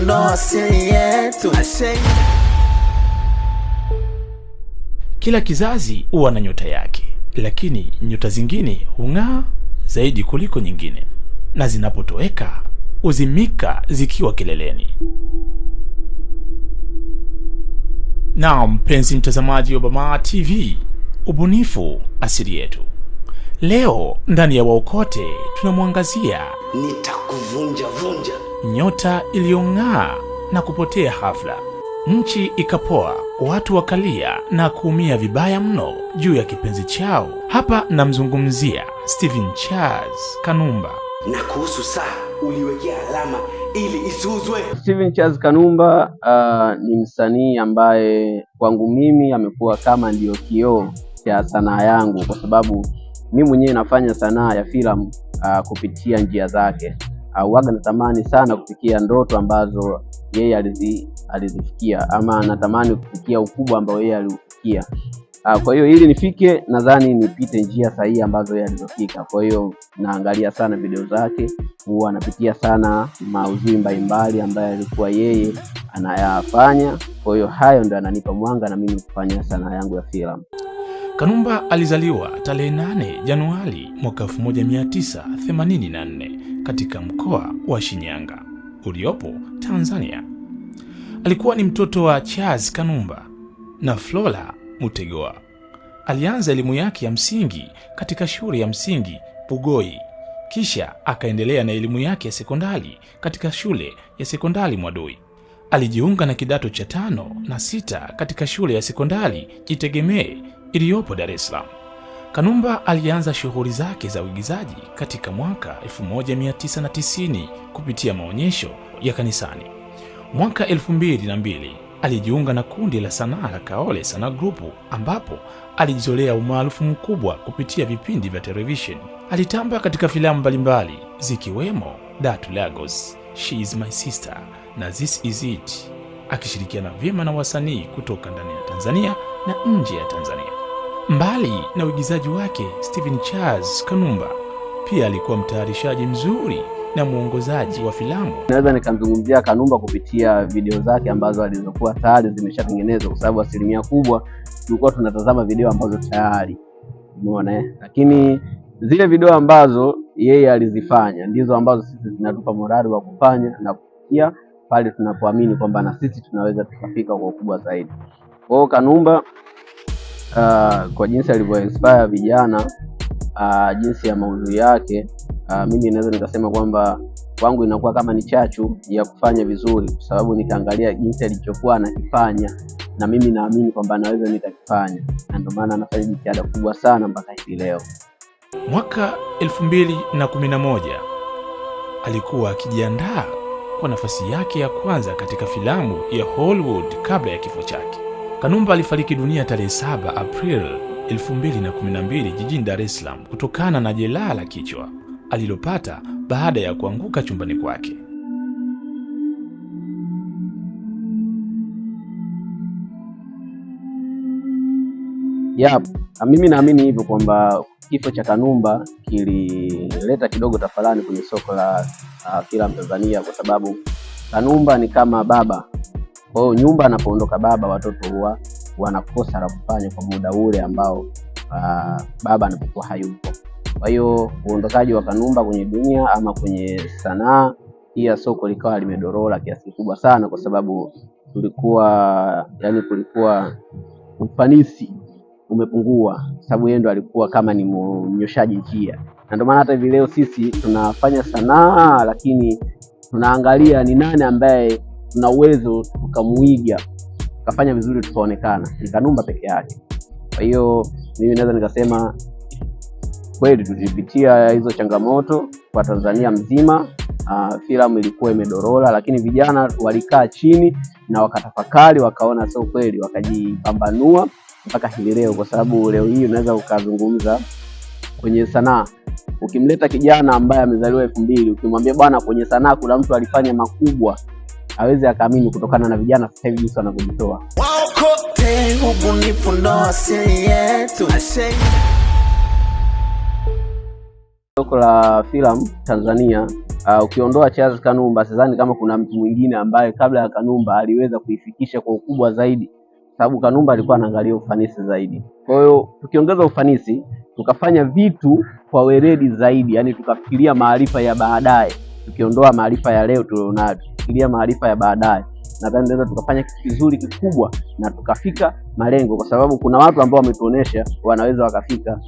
kuondoa asili yetu. Kila kizazi huwa na nyota yake, lakini nyota zingine hung'aa zaidi kuliko nyingine, na zinapotoweka huzimika zikiwa kileleni. Na mpenzi mtazamaji wa Bamaa TV, ubunifu asili yetu. Leo ndani ya Waokote tunamwangazia nitakuvunjavunja vunja nyota iliyong'aa na kupotea hafla. Nchi ikapoa, watu wakalia na kuumia vibaya mno juu ya kipenzi chao. Hapa namzungumzia Stephen Charles Kanumba. Na kuhusu saa uliwekea alama ili isiuzwe. Stephen Charles Kanumba uh, ni msanii ambaye kwangu mimi amekuwa kama ndiyo kioo cha sanaa yangu, kwa sababu mimi mwenyewe nafanya sanaa ya filamu uh, kupitia njia zake auaga natamani sana kufikia ndoto ambazo yeye alizifikia ama natamani kufikia ukubwa ambao yeye aliufikia. Ah, kwa hiyo ili nifike, nadhani nipite njia sahihi ambazo yeye alizofika. Kwa hiyo naangalia sana video zake, huwa anapitia sana maudhui mbalimbali ambayo alikuwa yeye anayafanya. Kwa hiyo hayo ndio ananipa mwanga na mimi kufanya sanaa yangu ya filamu. Kanumba alizaliwa tarehe 8 Januari mwaka 1984 katika mkoa wa Shinyanga uliopo Tanzania. Alikuwa ni mtoto wa Charles Kanumba na Flora Mutegoa. Alianza elimu yake ya msingi katika shule ya msingi Bugoi, kisha akaendelea na elimu yake ya sekondari katika shule ya sekondari Mwadui. Alijiunga na kidato cha tano na sita katika shule ya sekondari Jitegemee iliyopo Dar es Salaam. Kanumba alianza shughuli zake za uigizaji katika mwaka 1990 kupitia maonyesho ya kanisani. Mwaka 2002 alijiunga na kundi la sanaa la Kaole sana Group ambapo alijizolea umaarufu mkubwa kupitia vipindi vya televisheni. Alitamba katika filamu mbalimbali zikiwemo Datu Lagos, She is my sister na This is it, akishirikiana vyema na wasanii kutoka ndani ya Tanzania na nje ya Tanzania. Mbali na uigizaji wake, Stephen Charles Kanumba pia alikuwa mtayarishaji mzuri na mwongozaji wa filamu. Naweza nikamzungumzia Kanumba kupitia video zake ambazo alizokuwa tayari zimeshatengenezwa, kwa sababu asilimia kubwa tulikuwa tunatazama video ambazo tayari umeona eh, lakini zile video ambazo yeye alizifanya ndizo ambazo sisi zinatupa morali wa kufanya na kufikia pale tunapoamini kwamba na sisi tunaweza tukafika kwa ukubwa zaidi. Kwa hiyo Kanumba uh, kwa jinsi alivyo inspire vijana uh, jinsi ya maudhui yake uh, mimi naweza nikasema kwamba kwangu inakuwa kama ni chachu ya kufanya vizuri, kwa sababu nikaangalia jinsi alichokuwa anakifanya na mimi naamini kwamba naweza nitakifanya, na ndio maana anafanya jitihada kubwa sana mpaka hivi leo. Mwaka 2011 alikuwa akijiandaa kwa nafasi yake ya kwanza katika filamu ya Hollywood kabla ya kifo chake. Kanumba alifariki dunia tarehe 7 Aprili 2012 jijini Dar es Salaam kutokana na jeraha la kichwa alilopata baada ya kuanguka chumbani kwake. Ya, mimi naamini hivyo kwamba kifo cha Kanumba kilileta kidogo tafalani kwenye soko la uh, filamu Tanzania kwa sababu Kanumba ni kama baba kwa hiyo nyumba anapoondoka baba, watoto huwa wanakosa la kufanya kwa muda ule ambao uh, baba anapokuwa hayupo. Kwa hiyo uondokaji wa Kanumba kwenye dunia ama kwenye sanaa pia soko likawa limedorora kiasi kikubwa sana, kwa sababu tulikuwa yani, kulikuwa ufanisi umepungua, sababu yeye ndo alikuwa kama ni mnyoshaji njia, na ndio maana hata hivi leo sisi tunafanya sanaa, lakini tunaangalia ni nani ambaye tuna uwezo tukamuiga tukafanya vizuri tukaonekana, ni Kanumba peke yake. Kwa hiyo mimi naweza nikasema kweli tulipitia hizo changamoto kwa Tanzania mzima. Uh, filamu ilikuwa imedorola, lakini vijana walikaa chini na wakatafakari, wakaona sio kweli, wakajipambanua mpaka hivi leo, kwa sababu leo hii unaweza ukazungumza kwenye sanaa. Ukimleta kijana ambaye amezaliwa elfu mbili ukimwambia bwana, kwenye sanaa kuna mtu alifanya makubwa aweze akaamini kutokana na vijana sasa hivi jinsi wanavyojitoa. Soko la filamu Tanzania, uh, ukiondoa Charles Kanumba, sidhani kama kuna mtu mwingine ambaye kabla ya Kanumba aliweza kuifikisha kwa ukubwa zaidi, sababu Kanumba alikuwa anaangalia ufanisi zaidi. Kwa hiyo tukiongeza ufanisi, tukafanya vitu kwa weledi zaidi, yani tukafikiria maarifa ya baadaye, tukiondoa maarifa ya leo tulionayo kufikiria maarifa ya baadaye. Nadhani tunaweza tukafanya kitu kizuri kikubwa na tukafika malengo, kwa sababu kuna watu ambao wametuonesha wanaweza wakafika.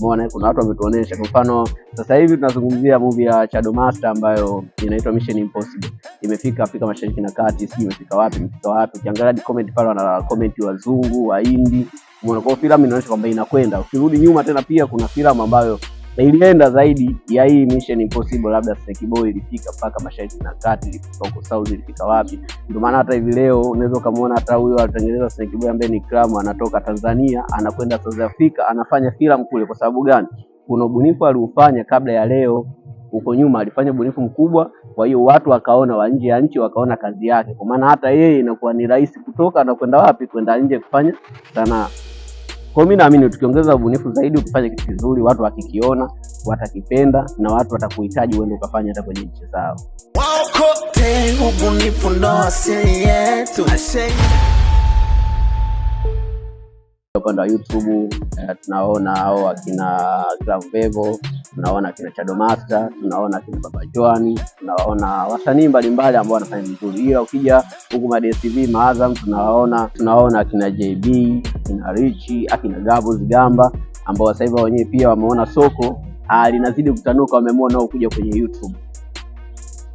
Umeona, kuna watu wametuonesha. Kwa mfano sasa hivi tunazungumzia movie ya Master ambayo inaitwa Mission Impossible, imefika Afrika Mashariki na Kati, sijui imefika wapi, imefika wapi. Ukiangalia comment pale, wana comment wazungu, Wahindi. Umeona, kwa filamu inaonyesha kwamba inakwenda. Ukirudi nyuma tena, pia kuna filamu ambayo na ilienda zaidi ya hii Mission Impossible, labda Snake Boy ilifika mpaka mashariki na kati, ilifika huko Saudi, ilifika wapi. Ndio maana hata hivi leo unaweza ukamwona hata huyo alitengeneza Snake Boy ambaye ni Cram, anatoka Tanzania anakwenda South Africa anafanya filamu kule. Kwa sababu gani? Kuna ubunifu aliufanya kabla ya leo huko nyuma alifanya ubunifu mkubwa, kwa hiyo watu wakaona, wa nje ya nchi wakaona kazi yake, kwa maana hata yeye inakuwa ni rahisi kutoka na kwenda wapi, kwenda nje kufanya sanaa. Kwa mimi naamini tukiongeza ubunifu zaidi, ukifanya kitu kizuri, watu wakikiona watakipenda na watu watakuhitaji uende ukafanya hata kwenye nchi zao. Ubunifu ndo asili yetu. Upande wa YouTube eh, tunaona hao akina Gramvevo, tunaona akina Chado Master, tunaona akina Baba Joani, tunaona wasanii mbalimbali ambao wanafanya vizuri, ila ukija huku madstv maazam tunaona tunaona akina JB, akina Richi, akina Gabo Zigamba ambao sasa hivi wenyewe pia wameona soko ah, linazidi kutanuka, wameamua nao kuja kwenye YouTube.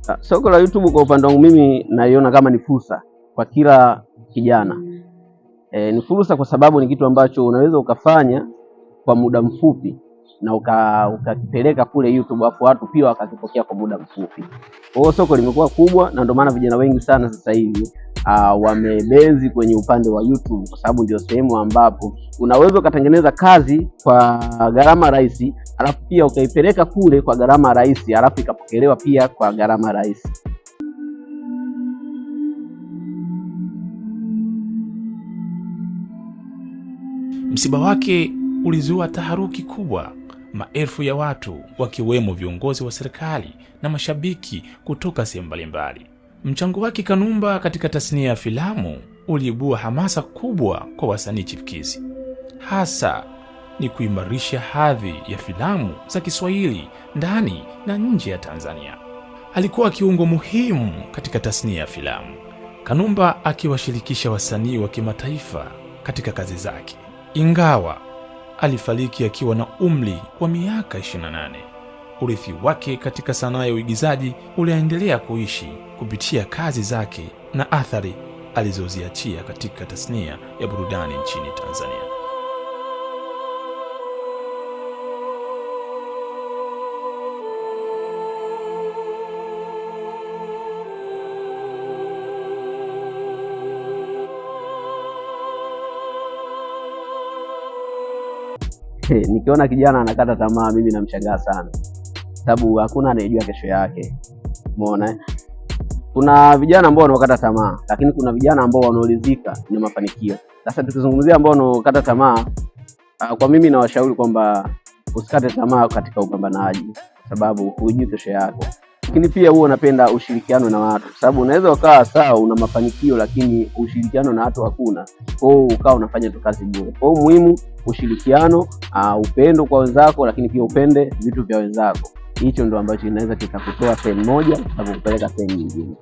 Ah, soko la YouTube kwa upande wangu mimi naiona kama ni fursa kwa kila kijana E, ni fursa kwa sababu ni kitu ambacho unaweza ukafanya kwa muda mfupi na ukakipeleka uka kule YouTube afu watu pia wakakipokea kwa muda mfupi. Kwa hiyo soko limekuwa kubwa na ndio maana vijana wengi sana sasa hivi uh, wamebezi kwenye upande wa YouTube kwa sababu ndio sehemu ambapo unaweza ukatengeneza kazi kwa gharama rahisi, alafu pia ukaipeleka kule kwa gharama rahisi, alafu ikapokelewa pia kwa gharama rahisi. Msiba wake ulizua taharuki kubwa, maelfu ya watu wakiwemo viongozi wa serikali na mashabiki kutoka sehemu mbalimbali. Mchango wake Kanumba katika tasnia ya filamu uliibua hamasa kubwa kwa wasanii chipukizi, hasa ni kuimarisha hadhi ya filamu za Kiswahili ndani na nje ya Tanzania. Alikuwa kiungo muhimu katika tasnia ya filamu, Kanumba akiwashirikisha wasanii wa kimataifa katika kazi zake ingawa alifariki akiwa na umri wa miaka 28. Urithi wake katika sanaa ya uigizaji uliendelea kuishi kupitia kazi zake na athari alizoziachia katika tasnia ya burudani nchini Tanzania. Yaani, nikiona kijana anakata tamaa, mimi namshangaa sana, sababu hakuna anayejua kesho yake. Umeona, eh? kuna vijana ambao wanaokata tamaa, lakini kuna vijana ambao wanaolizika na mafanikio. Sasa tukizungumzia ambao wanaokata tamaa, ah, kwa mimi nawashauri kwamba usikate tamaa katika upambanaji, kwa sababu hujui kesho yako. Lakini pia huwa unapenda ushirikiano na watu, sababu unaweza ukawa sawa, una mafanikio lakini ushirikiano na watu hakuna, hiyo ukawa unafanya tu kazi bure. Kwao muhimu ushirikiano, uh, upendo kwa wenzako, lakini pia upende vitu vya wenzako. Hicho ndo ambacho inaweza kikakutoa sehemu moja na kukupeleka sehemu nyingine.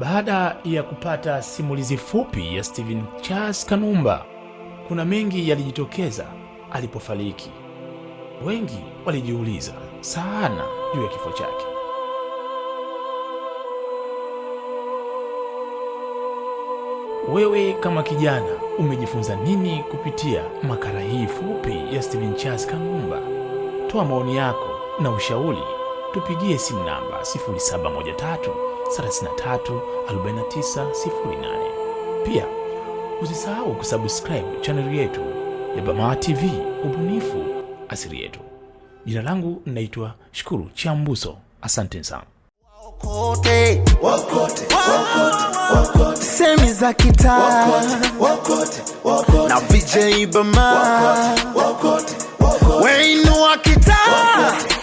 Baada ya kupata simulizi fupi ya Steven Charles Kanumba kuna mengi yalijitokeza alipofariki. Wengi walijiuliza sana juu ya kifo chake. Wewe kama kijana umejifunza nini kupitia makala hii fupi ya Steven Charles kangumba Toa maoni yako na ushauri, tupigie simu namba 0713 33 49 08. Pia Usisahau kusubscribe chaneli yetu ya Bamaa TV, ubunifu asili yetu. Jina langu naitwa Shukuru chambuso asante sana. Wakote, wakote, wakote, wakote. Semi za kitaa na VJ Bamaa, wainua kitaa